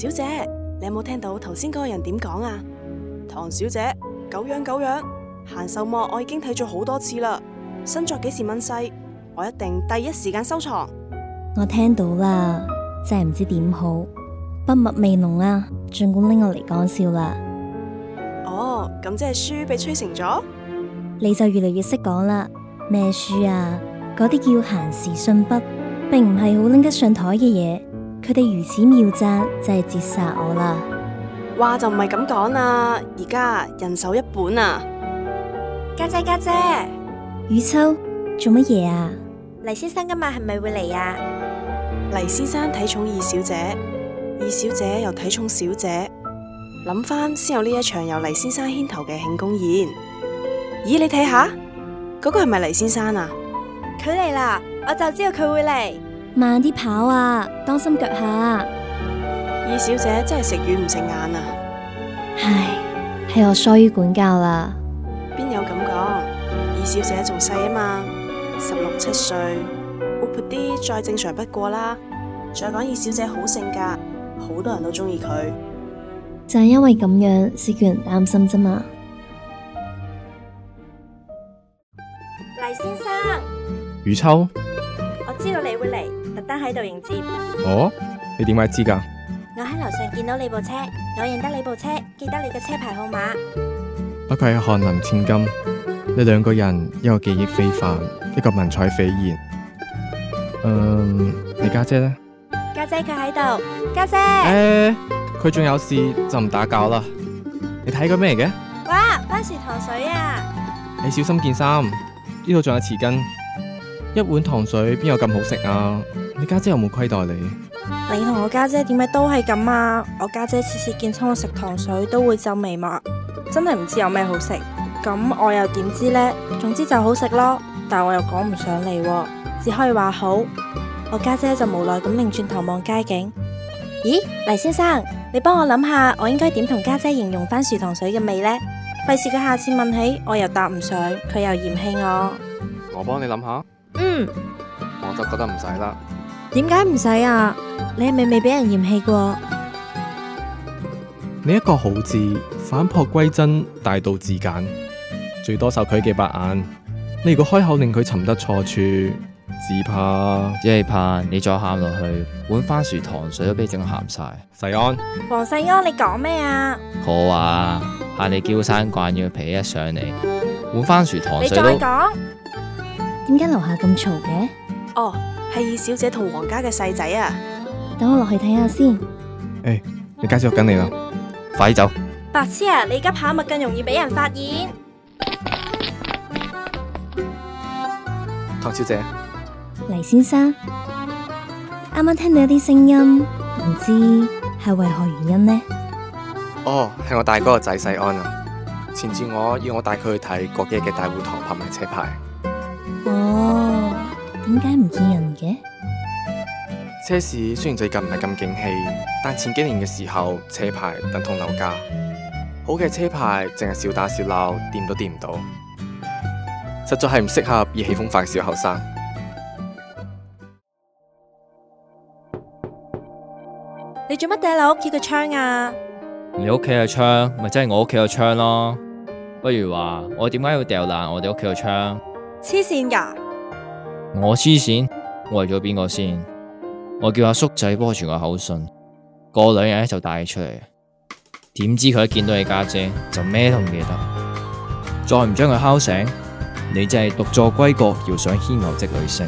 小姐，你有冇聽到頭先嗰個人點講啊？唐小姐，久仰久仰，閒愁墨我已經睇咗好多次啦。新作幾時問世？我一定第一時間收藏。我聽到啦，真係唔知點好，筆墨未濃啊，盡管拎我嚟講笑啦。哦，咁即係書被吹成咗，你就越嚟越識講啦。咩書啊？嗰啲叫閒時信筆，並唔係好拎得上台嘅嘢。佢哋如此妙讚，就係、是、折殺我啦！話就唔係咁講啦，而家人手一本啊！家姐，姐，姐，姐，家姐，雨秋做乜嘢啊？黎先生今日係咪會嚟啊？黎先生睇重二小姐，二小姐又睇重小姐，諗翻先有呢一場由黎先生牽頭嘅慶功宴。咦，你睇下，嗰、那個係咪黎先生啊？佢嚟啦，我就知道佢會嚟。慢啲跑啊！當心腳下。二小姐真係食軟唔食硬啊！唉，係我疏於管教啦。邊有咁講？二小姐仲細啊嘛，十六七歲，活潑啲再正常不過啦。再講，二小姐好性格，好多人都中意佢。就係因為咁樣，先叫人擔心啫嘛。黎先生，雨秋，我知道你會嚟。特登喺度迎接。哦，你點解知噶？我喺樓上見到你部車，我認得你部車，記得你嘅車牌號碼。不愧係翰林千金，你兩個人一個記憶非凡，一個文采斐然。嗯，你家姐，姐呢？家姐佢喺度，家姐，姐。誒、欸，佢仲有事就唔打攪啦。你睇過咩嘅？哇，番薯糖水啊！你、欸、小心件衫，呢度仲有匙羹。一碗糖水邊有咁好食啊？你家姐，姐有冇虧待你？你同我家姐點解都係咁啊？我家姐次次見親我食糖水都會皺眉毛，真係唔知有咩好食。咁我又點知呢？總之就好食咯，但我又講唔上嚟，只可以話好。我家姐，姐就無奈咁擰轉頭望街景。咦，黎先生，你幫我諗下，我應該點同家姐形容番薯糖水嘅味呢？費事佢下次問起，我又答唔上，佢又嫌棄我。我幫你諗下。嗯，我就覺得唔使啦。點解唔使啊？你係咪未俾人嫌棄過啊？你一個好字反璞歸真，大道至簡，最多受佢嘅白眼。你如果開口令佢沉得錯處，只怕只係怕你再喊落去，碗番薯糖水都俾你整鹹晒。世安，黃世安，你講咩啊？好話怕你嬌生慣養皮一上嚟，碗番薯糖水你再講。點解樓下咁嘈嘅？哦。Oh. 係二小姐同皇家嘅細仔啊！等我落去睇下先。哎、欸，你家姐跟你啦，快啲走！白痴啊！你而家跑咪更容易俾人發現？唐小姐，黎先生，啱啱聽到一啲聲音，唔知係為何原因呢？哦，係我大哥個仔世安啊！前次我要我帶佢去睇國爺嘅大會堂拍賣車牌。點解唔見人嘅？車市雖然最近唔係咁景氣，但前幾年嘅時候，車牌等同樓價。好嘅車牌淨係少打少鬧，掂都掂唔到，實在係唔適合意氣風發嘅小後生。你做乜掉漏屋企嘅窗啊？你屋企嘅窗咪即係我屋企嘅窗咯？不如話我點解要掉爛我哋屋企嘅窗？黐線噶！我黐線，我為咗邊個先？我叫阿叔仔幫我傳個口信，過兩日就帶佢出嚟。點知佢一見到你家姐，姐就咩都唔記得，再唔將佢敲醒，你就係獨坐閨閣，遙想牽牛織女星。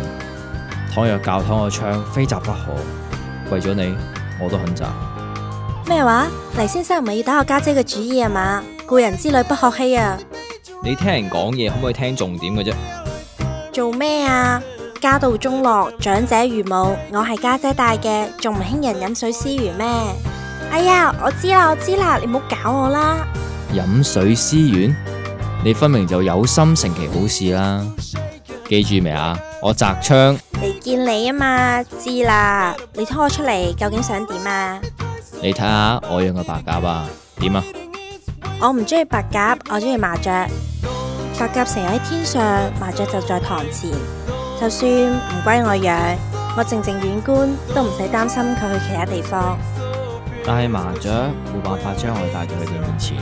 倘若教堂嘅窗非砸不可，為咗你，我都肯砸。咩話？黎先生唔係要打我家姐嘅主意啊嘛？故人之女不可欺啊！你聽人講嘢可唔可以聽重點嘅啫？做咩啊？家道中落，長者如母，我係家姐帶嘅，仲唔興人飲水思源咩？哎呀，我知啦，我知啦，你唔好搞我啦！飲水思源，你分明就有心成其好事啦！記住未啊？我砸槍嚟見你啊嘛！知啦，你拖我出嚟究竟想點啊？你睇下我養個白鴿啊，點啊？我唔中意白鴿，我中意麻雀。白鴿成日喺天上，麻雀就在堂前。就算唔歸我養，我靜靜遠觀都唔使擔心佢去其他地方。但係麻雀冇辦法將我帶到佢哋面前。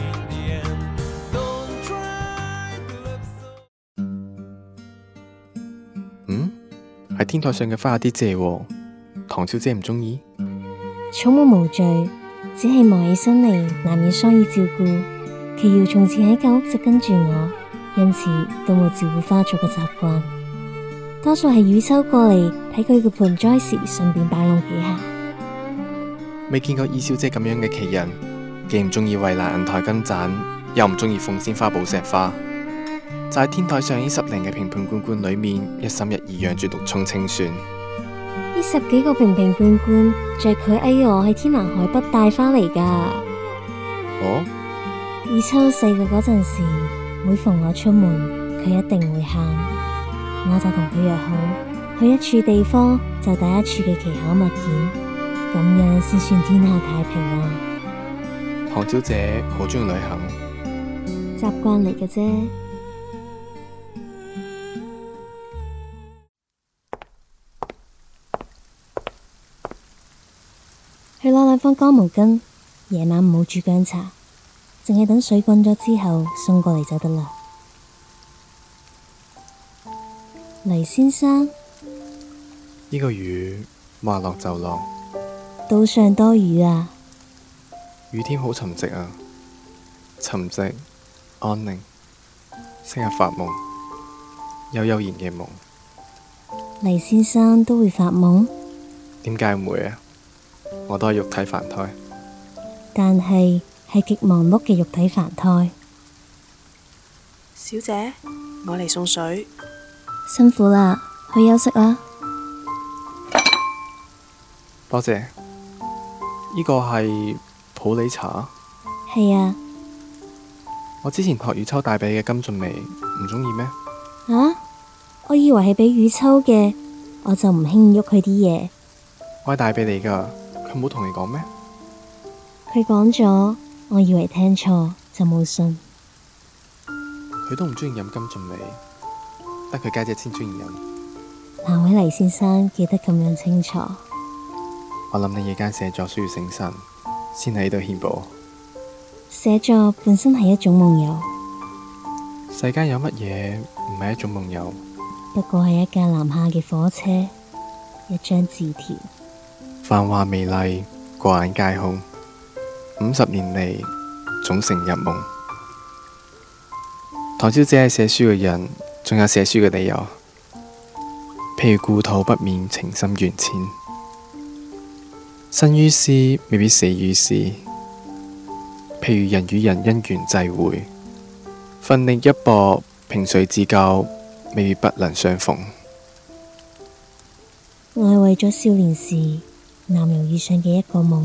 嗯，喺天台上嘅花有啲謝，唐小姐唔中意。草木無，無罪，只係忙起身嚟，難免疏於照顧。奇瑤從前喺舊屋就跟住我，因此都冇照顧花草嘅習慣，多數係雨秋過嚟睇佢嘅盆栽時，順便擺弄幾下。未見過二小姐咁樣嘅奇人，既唔中意喂蘭銀台金盞，又唔中意鳳仙花寶石花，就喺天台上呢十零嘅瓶瓶罐罐裏面，一心一意養住六種青蒜。呢十幾個瓶瓶罐罐，係佢誒我喺天南海北帶翻嚟噶。哦，oh? 雨秋細個嗰陣時。每逢我出門，佢一定會喊，我就同佢約好，去一處地方就帶一處嘅奇巧物件，咁樣先算天下太平啦。唐小姐好鍾意旅行，習慣嚟嘅啫。去攞兩方乾毛巾，夜晚唔好煮薑茶。淨係等水滾咗之後送過嚟就得啦，黎先生。呢個雨話落就落，島上多雨啊，雨天好沉寂啊，沉寂、安寧，適合發夢，悠悠然嘅夢。黎先生都會發夢？點解唔會啊？我都係肉體凡胎，但係。係極忙碌嘅肉體凡胎，小姐，我嚟送水，辛苦啦，去休息啦，多謝。呢個係普洱茶，係啊，我之前託雨秋帶俾你嘅金駿眉，唔中意咩？啊，我以為係俾雨秋嘅，我就唔輕易喐佢啲嘢。我係帶俾你噶，佢冇同你講咩？佢講咗。我以為聽錯就冇信，佢都唔中意飲金駿眉，得佢家姐先中意飲。難為黎先生記得咁樣清楚？我諗你夜間寫作需要醒神，先喺度獻寶。寫作本身係一種夢遊。世間有乜嘢唔係一種夢遊？不過係一架南下嘅火車，一張字條。繁華美麗，過眼皆空。五十年嚟總成入夢，唐小姐係寫書嘅人，仲有寫書嘅理由，譬如故土不免情深緣淺，生於斯未必死於斯；譬如人與人因緣際會，奮力一搏萍水之交，未必不能相逢。我係為咗少年時南如遇上嘅一個夢。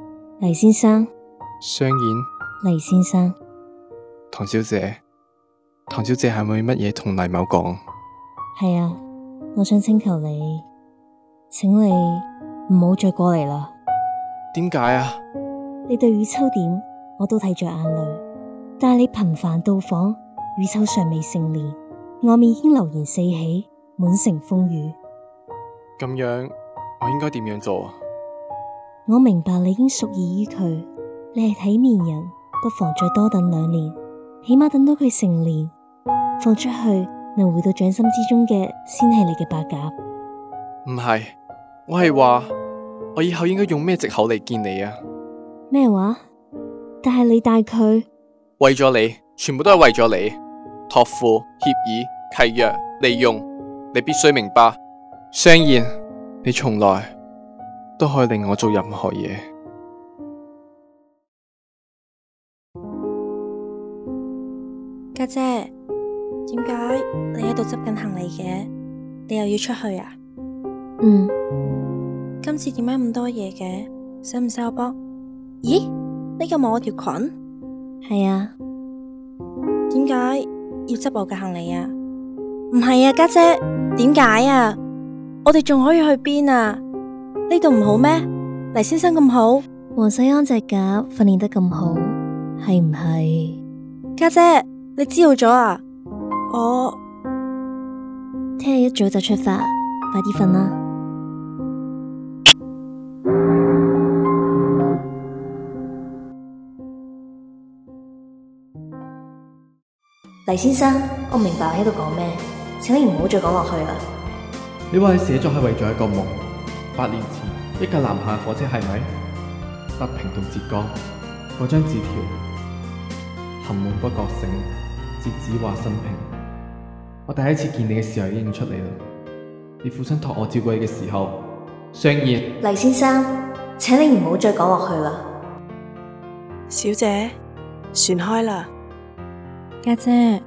黎先生，雙燕。黎先生，唐小姐，唐小姐係咪乜嘢同黎某講？係啊，我想請求你，請你唔好再過嚟啦。點解啊？你對雨秋點，我都睇在眼裏，但係你頻繁到訪，雨秋尚未成年，外面已經流言四起，滿城風雨。咁樣，我應該點樣做啊？我明白你已經屬意於佢，你係體面人，不妨再多等兩年，起碼等到佢成年，放出去能回到掌心之中嘅先係你嘅白鴿。唔係，我係話我以後應該用咩借口嚟見你啊？咩話？但係你帶佢，為咗你，全部都係為咗你，託付、協議、契約、利用，你必須明白。雖然你從來。都可以令我做任何嘢。家姐，點解你喺度執緊行李嘅？你又要出去啊？嗯。今次點解咁多嘢嘅？使唔使我幫？咦？呢個冇我條裙。係啊。點解要執我嘅行李啊？唔係啊，家姐。點解啊？我哋仲可以去邊啊？呢度唔好咩？黎先生咁好，黃世安隻鴿訓練得咁好，係唔係？家姐，姐，你知道咗啊？我聽日一早就出發，快啲瞓啦。黎先生，我明白喺度講咩，請你唔好再講落去啦。你話你寫作係為咗一個夢。八年前一架南下火車係咪北平同浙江？嗰張字條含夢不覺醒，折紙畫心平。我第一次見你嘅時候已經認出你啦。你父親託我照顧你嘅時候，尚言，黎先生，請你唔好再講落去啦。小姐，船開啦，家姐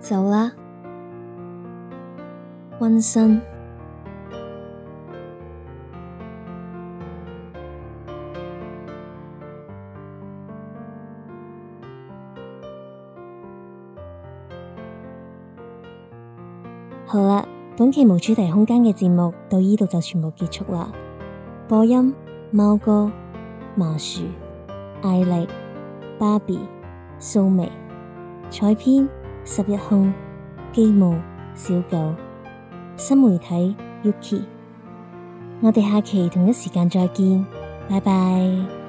走啦，溫心。好啦，本期無主題空間嘅節目到呢度就全部結束啦。播音貓哥、麻薯、艾力、芭比、蘇眉、採編、十一空、機務、小玖、新媒體 Yuki，我哋下期同一時間再見，拜拜。